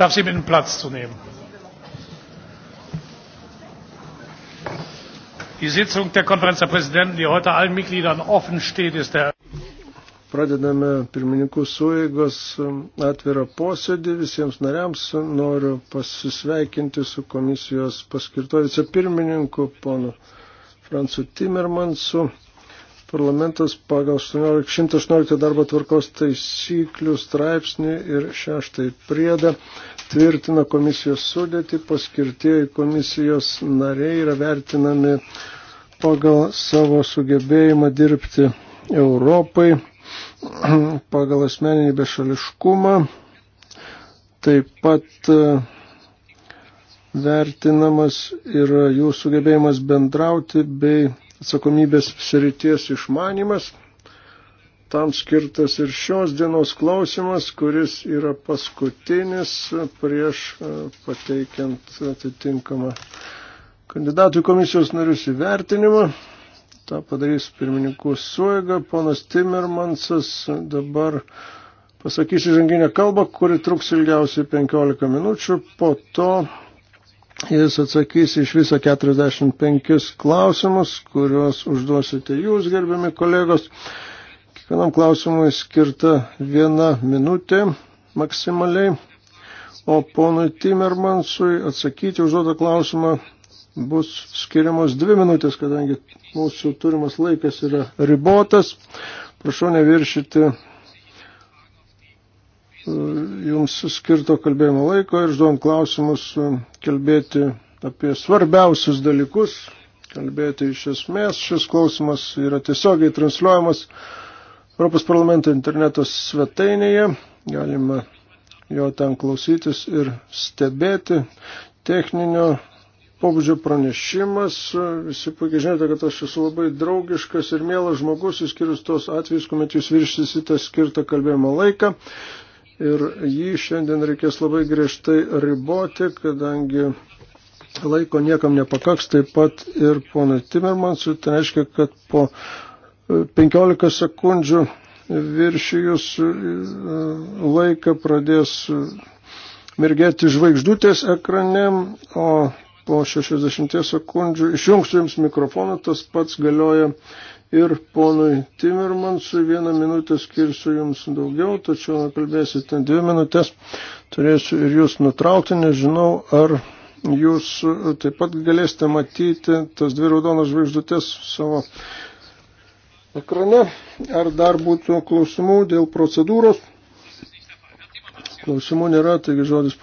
darf sie bitten platz zu nehmen. die sitzung der konferenz der präsidenten die heute allen mitgliedern offen steht ist der Pradedame pirmininkų suėgos um, atvirą posėdį visiems nariams. Noriu pasisveikinti su komisijos paskirto vicepirmininku, ponu Francu Timermansu parlamentas pagal 118 darbo tvarkos taisyklių straipsnį ir šeštai priedą tvirtina komisijos sudėtį, paskirtieji komisijos nariai yra vertinami pagal savo sugebėjimą dirbti Europai, pagal asmeninį bešališkumą, taip pat e, vertinamas yra jų sugebėjimas bendrauti bei atsakomybės srities išmanimas. Tam skirtas ir šios dienos klausimas, kuris yra paskutinis prieš e, pateikiant atitinkamą kandidatų komisijos narius įvertinimą. Ta padarys pirmininkų suėga, ponas Timmermansas dabar pasakys įžanginę kalbą, kuri truks ilgiausiai 15 minučių, po to Jis atsakys iš viso 45 klausimus, kuriuos užduosite jūs, gerbiami kolegos. Kiekvienam klausimui skirta viena minutė maksimaliai, o ponui Timermansui atsakyti užduotą klausimą bus skiriamos dvi minutės, kadangi mūsų turimas laikas yra ribotas. Prašau neviršyti jums skirto kalbėjimo laiko ir žduom klausimus e, kalbėti apie svarbiausius dalykus, kalbėti iš esmės. Šis klausimas yra tiesiogiai transliuojamas Europos parlamento interneto svetainėje. Galima jo ten klausytis ir stebėti. Techninio pobūdžio pranešimas. Visi puikiai žinote, kad aš esu labai draugiškas ir mielas žmogus, išskyrus tos atvejus, kuomet jūs viršysite skirtą kalbėjimo laiką ir jį šiandien reikės labai griežtai riboti, kadangi laiko niekam nepakaks, taip pat ir ponui Timermansui, tai reiškia, kad po 15 e, sekundžių viršijus e, laiką pradės e, mirgėti žvaigždutės ekrane, o po 60 sekundžių. Išjungsiu Jums mikrofoną, tas pats galioja ir ponui Timirmansui. Vieną minutę skirsiu Jums daugiau, tačiau kalbėsite dvi minutės. Turėsiu ir Jūs nutraukti, nežinau, ar Jūs taip pat galėsite matyti tas dvi raudonas žvaigždutės savo ekrane. Ar dar būtų klausimų dėl procedūros? Klausimų nėra, taigi žodis.